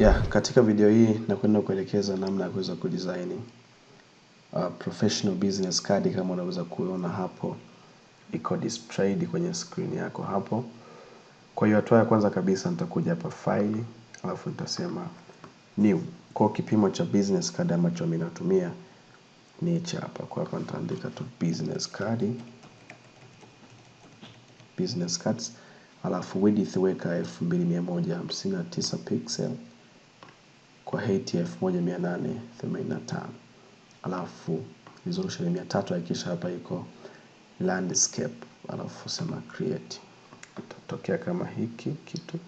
Yeah, katika video hii nakwenda kuelekeza namna ya kuweza kudesign uh, professional business card kama unaweza kuona hapo iko displayed kwenye screen yako hapo. Kwa hiyo hatua ya kwanza kabisa nitakuja hapa file, alafu nitasema new. Kwa kipimo cha business card ambacho mimi natumia ni hichi hapa. Kwa hapa nitaandika tu business card business cards, alafu width weka 2159 pixel kwa hati 1885 alafu resolution ya mia tatu hakikisha hapa iko landscape alafu sema create utatokea kama hiki kitu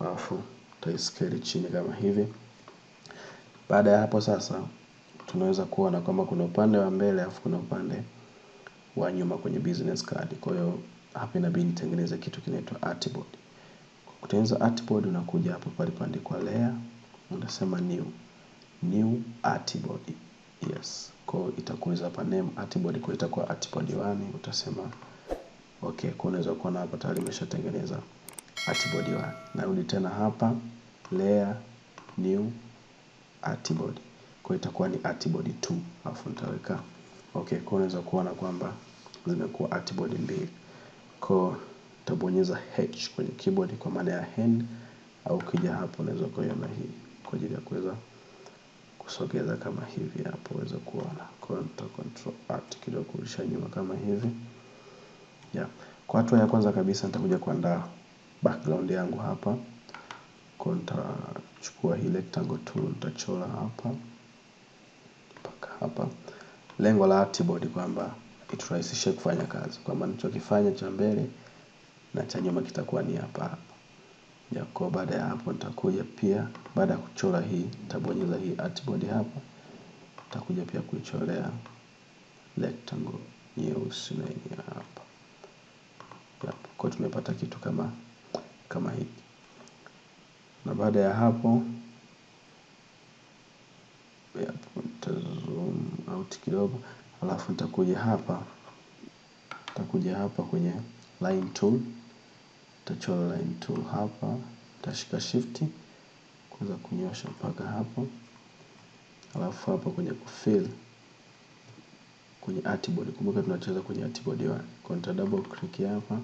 alafu utaiskeli chini kama hivi baada ya hapo sasa tunaweza kuona kwamba kuna upande wa mbele alafu kuna upande wa nyuma kwenye business card kwa hiyo hapa inabidi nitengeneze kitu kinaitwa artboard kutengeneza artboard unakuja hapo palipoandikwa layer unasema new new antibody yes kwa itakuweza hapa name antibody kwa itakuwa antibody 1 utasema okay kwa unaweza kuona hapa tayari umeshatengeneza antibody 1 narudi tena hapa layer new antibody kwa itakuwa ni antibody 2 alafu nitaweka okay kwa unaweza kuona kwamba zimekuwa antibody mbili kwa tabonyeza h kwenye keyboard kwa maana ya hand au kija hapo unaweza kuiona hii kwa ajili ya kuweza kusogeza kama hivi hapo uweze kuona. Kwa hiyo nita control alt kidogo kurudisha nyuma kama hivi. Yeah. Kwa hatua ya kwanza kabisa nitakuja kuandaa background yangu hapa. Kwa nitachukua hii rectangle tool nitachora hapa mpaka hapa. Lengo la artboard kwamba iturahisishe kufanya kazi, kwamba nilichokifanya cha mbele na cha nyuma kitakuwa ni hapa ya kwa baada ya hapo nitakuja pia baada ya kuchora hii nitabonyeza hii artboard hapa nitakuja pia kuichorea rectangle nyeusi na yenye hapa yep. kwa tumepata kitu kama kama hiki na baada ya hapo yep, zoom out kidogo alafu nitakuja hapa nitakuja hapa kwenye line tool Tachora line tool hapa, tashika shift kuweza kunyosha mpaka hapo, alafu hapa kwenye kufill kwenye artboard. Kumbuka tunacheza kwenye artboard 1. Kwa nita double click hapa.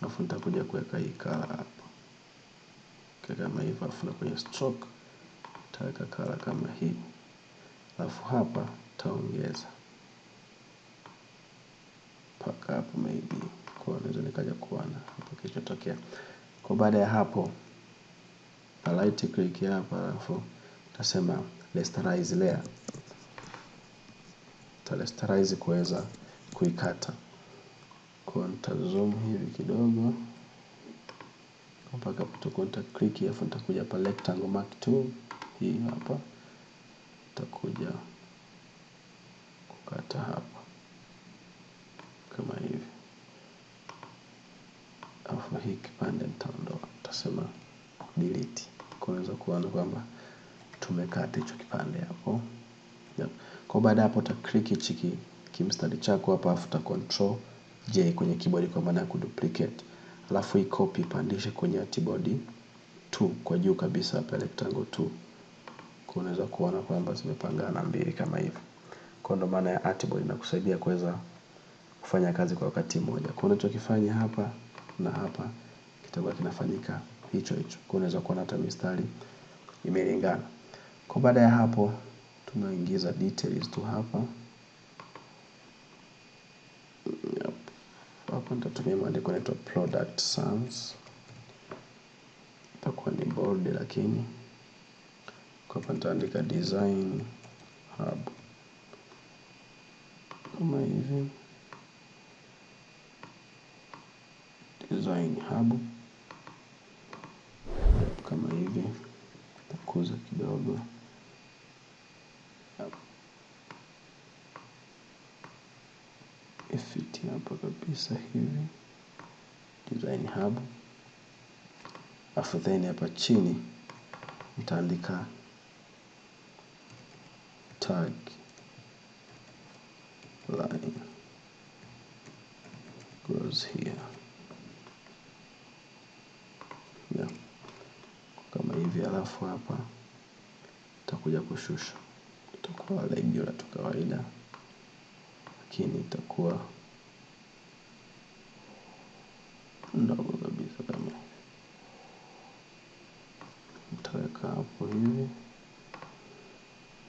Alafu nitakuja kuweka hii color hapa. Kama hivyo alafu na kwenye stroke nitaweka color kama hii. Alafu hapa taongeza mpaka hapo maybe kwa naweza nikaja kuona hapo kilichotokea. Kwa baada ya hapo na right click hapa, alafu tutasema rasterize layer, ta tutasterize kuweza kuikata. Kwa nita zoom hivi kidogo mpaka tuko nita click, alafu nitakuja pa rectangle mark 2 hii hapa, nitakuja kukata hapa kama hivi alafu hii kipande nitaondoa, tutasema delete. Kwa unaweza kuona kwamba tumekata hicho kipande hapo. Yep. Kwa baada hapo uta click hichi kimstari chako hapa alafu uta control J kwenye keyboard kwa maana ya kuduplicate. Alafu hii copy pandishe kwenye keyboard 2 kwa juu kabisa hapa rectangle 2. Kwa unaweza kuona kwamba zimepangana mbili kama hivyo. Kwa ndo maana ya artboard inakusaidia kuweza kufanya kazi kwa wakati mmoja. Kwa unachokifanya hapa na hapa kitakuwa kinafanyika hicho hicho. Kwa unaweza kuona hata mistari imelingana. Kwa baada ya hapo tunaingiza details tu hapa. Yep. Hapa nitatumia maandiko yanaitwa product sums. Itakuwa ni bold lakini kwa hapa nitaandika design hub kama hivi. design hub kama hivi, takuza kidogo ifiti hapa kabisa hivi design hub, afu then hapa chini nitaandika tag line goes here ya. Kama hivi alafu hapa itakuja kushusha, itakuwa regular tu kawaida, lakini itakuwa ndogo kabisa kama nitaweka hapo hivi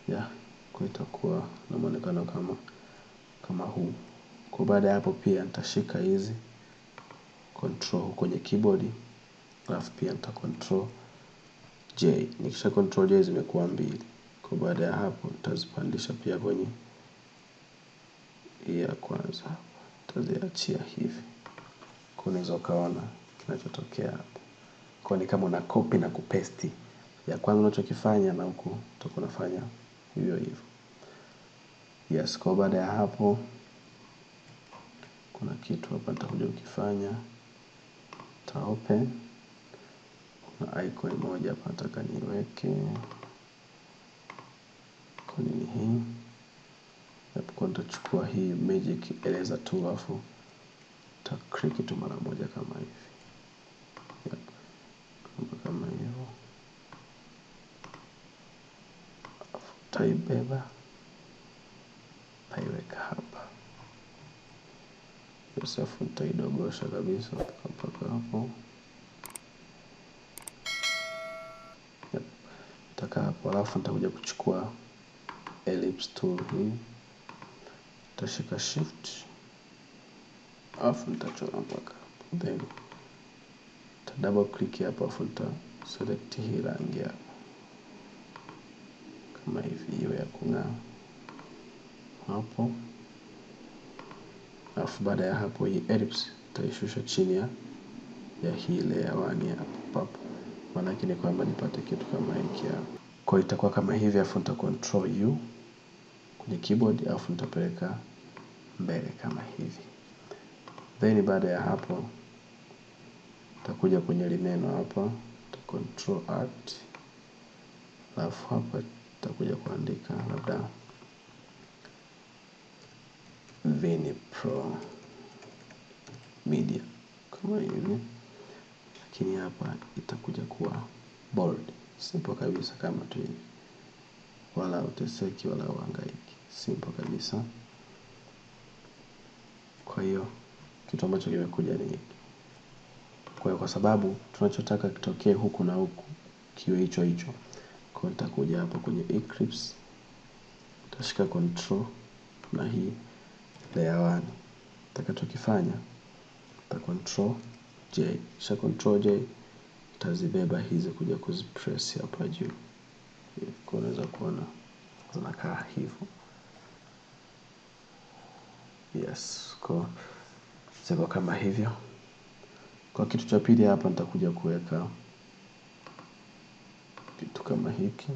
ya kwa itakuwa na mwonekano kama kama huu. Kwa baada ya hapo pia nitashika hizi control kwenye keyboard alafu pia nita control j nikisha control j zimekuwa mbili kwa baada ya hapo nitazipandisha pia kwenye hii ya kwanza nitaziachia hivi kwa unaweza ukaona kinachotokea hapo kwa ni kama una copy na kupesti ya kwanza unachokifanya na huku utakuwa unafanya hivyo hivyo yes kwa baada ya hapo kuna kitu hapa nitakuja ukifanya open icon moja hapa nataka niweke ni hii hapo, nitachukua hii magic eleza tu, alafu ta click tu mara moja kama hivi yep. kama hivo alafu taibeba taiweka hapa yosefu, ntaidogosha kabisa mpaka hapo. Nitaka hapo, alafu nitakuja kuchukua ellipse tool hii, nitashika shift, alafu nitachora mpaka then nita double click hapo, alafu nita select hii rangi hapo kama hivi, iwe ya kung'aa hapo. Alafu baada ya hapo, hii ellipse nitaishusha chini ya ya hii layer 1 hapo papo Manake ni kwamba nipate kitu kama hiki hapa. Kwa itakuwa kama hivi afu nita control U kwenye keyboard afu nitapeleka mbele kama hivi. Then baada ya hapo nitakuja kwenye lineno hapa, nita control art Alafu hapa nitakuja kuandika labda Vini Pro Media kama hivi lakini hapa itakuja kuwa bold. Simple kabisa kama tu hivi, wala uteseki wala uhangaiki, simple kabisa. Kwa hiyo kitu ambacho kimekuja ni hiki. Kwa kwa sababu tunachotaka kitokee huku na huku kiwe hicho hicho, kwa hiyo nitakuja hapa kwenye Eclipse, nitashika control na hii layer 1. tutakachokifanya nita control J. Kisha control J itazibeba hizi kuja kuzipress hapa juu. Kwa unaweza kuona zinakaa hivyo. Yes, kwa ziko kama hivyo. Kwa kitu cha pili hapa nitakuja kuweka kitu kama hiki.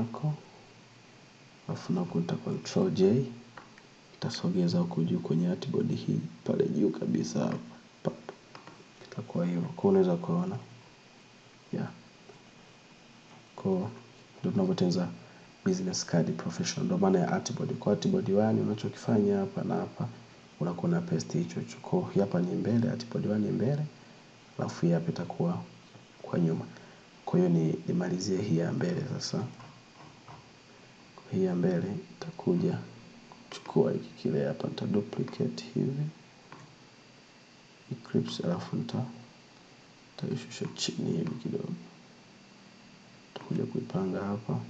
yako alafu nakuta control J itasogeza huku juu kwenye artboard hii pale juu kabisa hapa itakuwa hivyo kwa unaweza kuona yeah. kwa ndio tunapoteza business card professional ndio maana ya artboard kwa artboard 1 unachokifanya hapa na hapa unakuwa na paste hicho hicho kwa hiyo hapa ni mbele artboard 1 ni mbele alafu hapa itakuwa kwa nyuma kwa hiyo ni nimalizie hii ya mbele sasa hii ya mbele itakuja chukua hiki kile hapa, nita duplicate hivi eclipse, alafu nita taishusha chini hivi kidogo, takuja kuipanga hapa,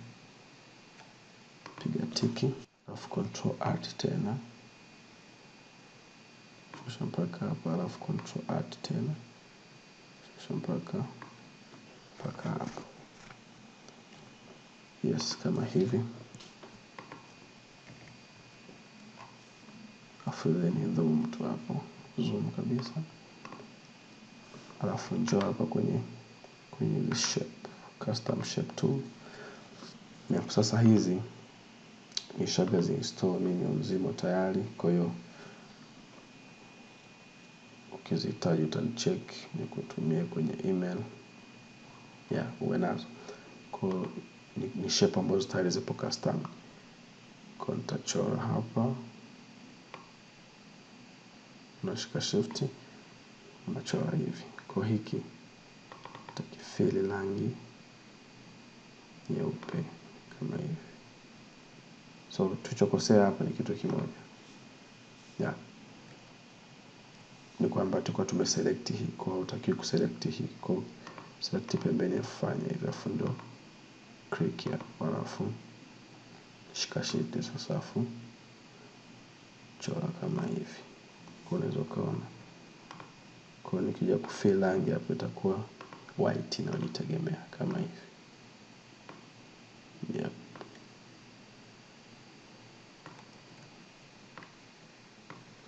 piga tiki, alafu control alt tena shusha mpaka hapa, alafu control alt tena shusha mpaka mpaka hapa. Yes, kama hivi. Full ni zoom tu hapo. Zoom kabisa. Alafu njoo hapa kwenye kwenye shape, custom shape tool. Na sasa hizi ni nishazi install menu mzima tayari, kwa hiyo ukizihitaji utanicheck nikutumie kwenye email ya uwe nazo. Kwa ni, ni shape ambazo tayari zipo custom. Kwa nitachora hapa unashika shift unachora hivi kwa hiki takifili rangi nyeupe kama hivi so tuchokosea hapa ni kitu kimoja yeah. ni kwamba tulikuwa tumeselekti hii kwa utakiwi kuselekti hii kwa selekti pembeni afanye hivi afu ndo click hapa alafu shika shift sasa afu chora kama hivi unaweza ukaona kwa nikija kufill rangi hapo itakuwa white inayojitegemea kama hivi yep.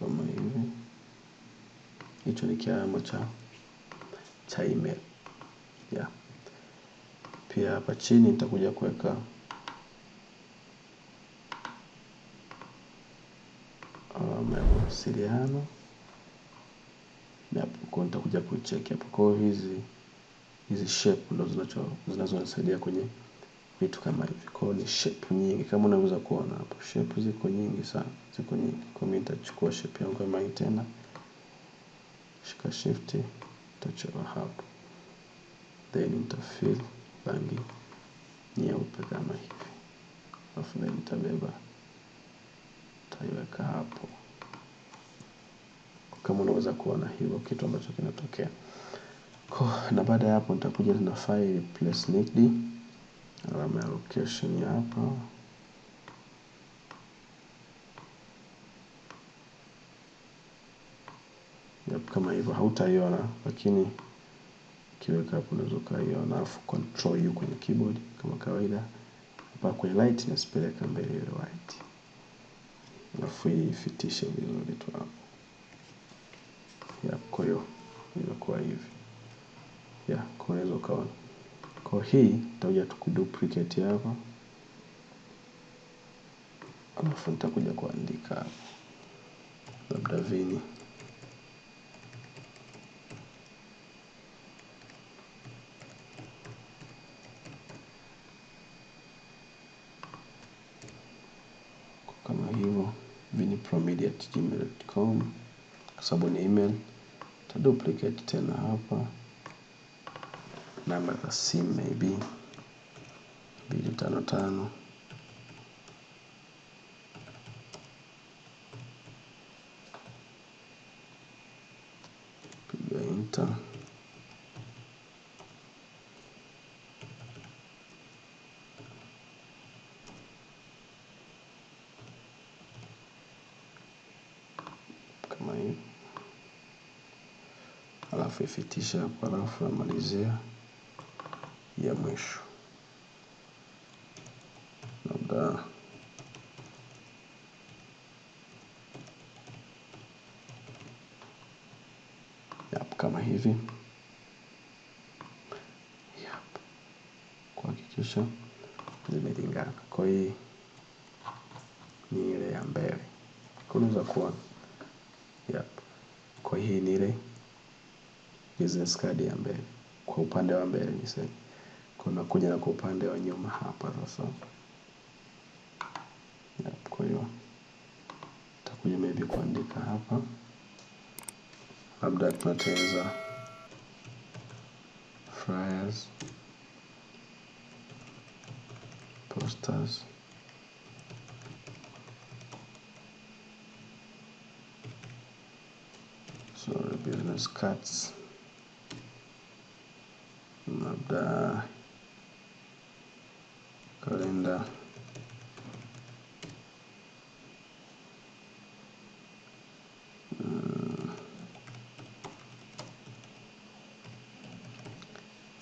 kama hivi hicho ni kiaramo cha cha email yeah. pia hapa chini nitakuja kuweka mawasiliano na hapo nitakuja kucheck hapo kwa hizi hizi shape ndo zinacho zinazonisaidia kwenye vitu kama hivi. Kwa ni shape nyingi kama unaweza kuona hapo. Shape ziko nyingi sana, ziko nyingi. Kwa mimi nitachukua shape yangu kama hii tena. Shika shift nitachora hapo. Then nitafill rangi nyeupe kama hivi. Alafu then nitabeba taiweka hapo kama unaweza kuona hivyo kitu ambacho kinatokea kwa, na baada ya hapo nitakuja na file place need alama ya location ya hapa yep, kama hivyo hautaiona lakini kiweka hapo unaweza ukaiona afu control u kwenye keyboard kama kawaida hapa kwenye light nasipeleka mbele ile white alafu ifitishe vizuri tu hapo ya kwa hiyo hivi ya kwa hiyo ukaona kwa hii nitakuja tukuduplicate hapa alafu nitakuja kuandika labda vini kama hivyo vinipromedia@gmail.com kwa sababu ni email ta duplicate tena hapa namba za simu maybe mbili tano tano alafu ifitisha hapo alafu amalizia ya mwisho labda yep, kama hivi yep. kuhakikisha zimelingana kwa hii ni ile ya mbele kunaweza kuona business card ya mbele kwa upande wa mbele niseme kwa nakuja na kwa upande wa nyuma hapa sasa kwa hiyo takuja maybe kuandika hapa labda tunatengeneza flyers posters sorry business cards labda kalenda hmm.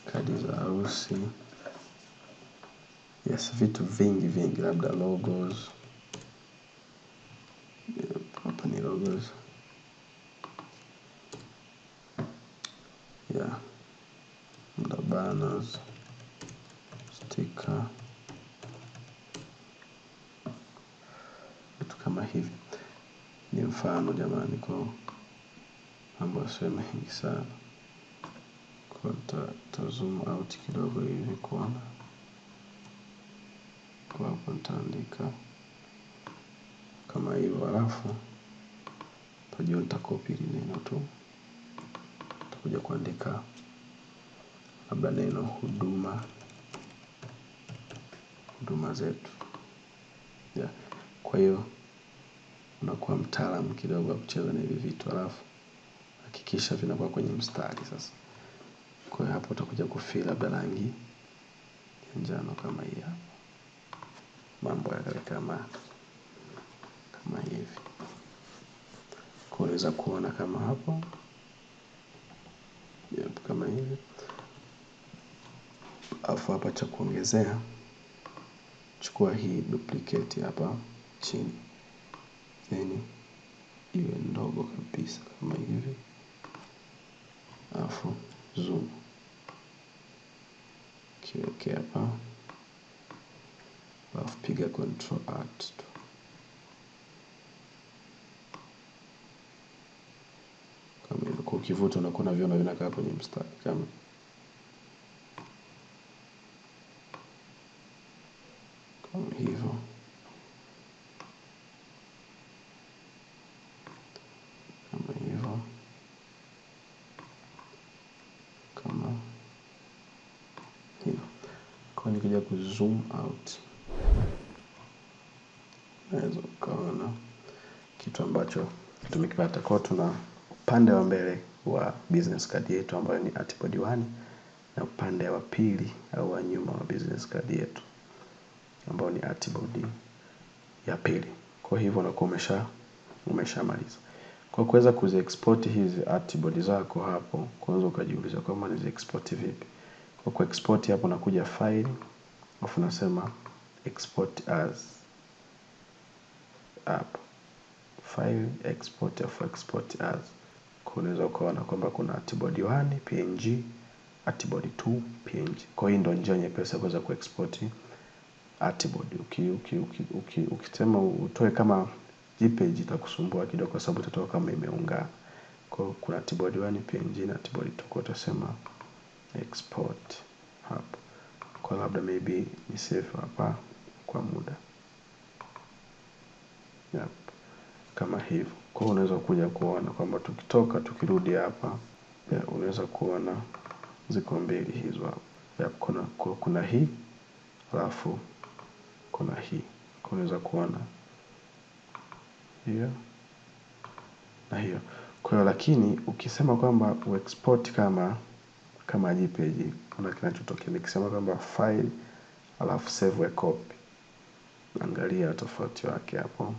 kadi za harusi yes vitu vingi vingi labda logos hapa ni logos ni mfano jamani kwa mambo yasiwe mengi sana kwa zoom out kidogo hivi kuona kwa hapo nitaandika kama hivyo halafu pajua nitakopi ili neno tu takuja kuandika labda neno huduma huduma zetu yeah. kwa hiyo unakuwa mtaalam kidogo wa kucheza na hivi vitu alafu hakikisha vinakuwa kwenye mstari sasa. Kwa hiyo hapo utakuja kufill labda rangi ya njano kama hii hapa, mambo yakawe kama kama hivi. Kwa unaweza kuona kama hapo yep, kama hivi, alafu hapa cha kuongezea, chukua hii duplicate hapa chini then iwe ndogo kabisa kama hivi alafu zoom kiweke hapa alafu piga control art tu kama ilikuwa ukivuta unakuwa naviona vinakaa kwenye mstari kama zoom out. Naweza ukaona kitu ambacho tumekipata. Kwa tuna upande wa mbele wa business card yetu ambayo ni ati diwani na upande wa pili au wa nyuma wa business card yetu ambayo ni atibodi ya pili. Kwa hivyo unakuwa umesha umeshamaliza. Kwa kuweza kuziexport hizi atibodi zako hapo, kwanza ukajiuliza kwamba niziexport vipi? Kwa kuexport hapo nakuja file Alafu nasema export as app file export alafu export as. Unaweza ukaona kwamba kuna tibodi 1 png, tibodi 2 png. Kwa hiyo ndio njia nyepesi ya kuweza kuexport artboard. Uki, uki, uki, uki, ukisema utoe kama jpeg itakusumbua kidogo, kwa sababu itatoka kama imeunga Kwa kuna tibodi 1 png na tibodi 2, kwa utasema export hapo kwa labda maybe ni safe hapa kwa muda yep. kama hivyo kwa hiyo unaweza kuja kuona kwamba tukitoka tukirudi hapa yeah, unaweza kuona ziko mbili hizo hapa yep. kuna, kuna hii alafu kuna hii unaweza kuona hiyo na hiyo kwa hiyo lakini ukisema kwamba uexport kama kama jpg kuna kinachotokea nikisema kwamba file alafu save a copy naangalia tofauti wake hapo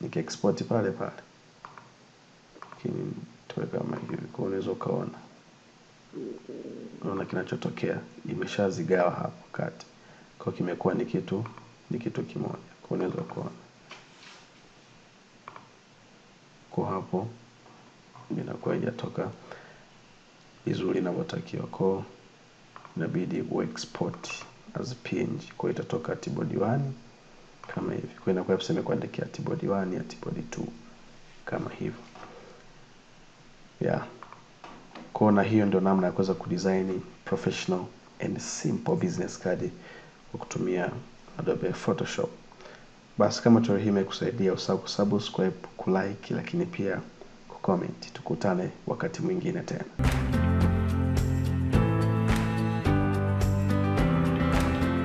nikiexport pale pale lakini tuwe kama hivi kwa unaweza ukaona naona kinachotokea imeshazigawa hapo kati kwa kimekuwa ni kitu ni kitu kimoja kwa unaweza ukaona kwa hapo inakuwa ijatoka vizuri inavyotakiwa kwao, inabidi uexport as png. Kwa hiyo itatoka tibodi 1 kama hivi. Kwa hiyo inakuwa tuseme kuandikia tibodi 1 ya tibodi 2 kama hivyo. Yeah. Kwa na hiyo ndio namna ya kuweza kudesign professional and simple business card kwa kutumia Adobe Photoshop. Basi kama tutorial hii imekusaidia, usahau kusubscribe, kulike, lakini pia kucomment. Tukutane wakati mwingine tena.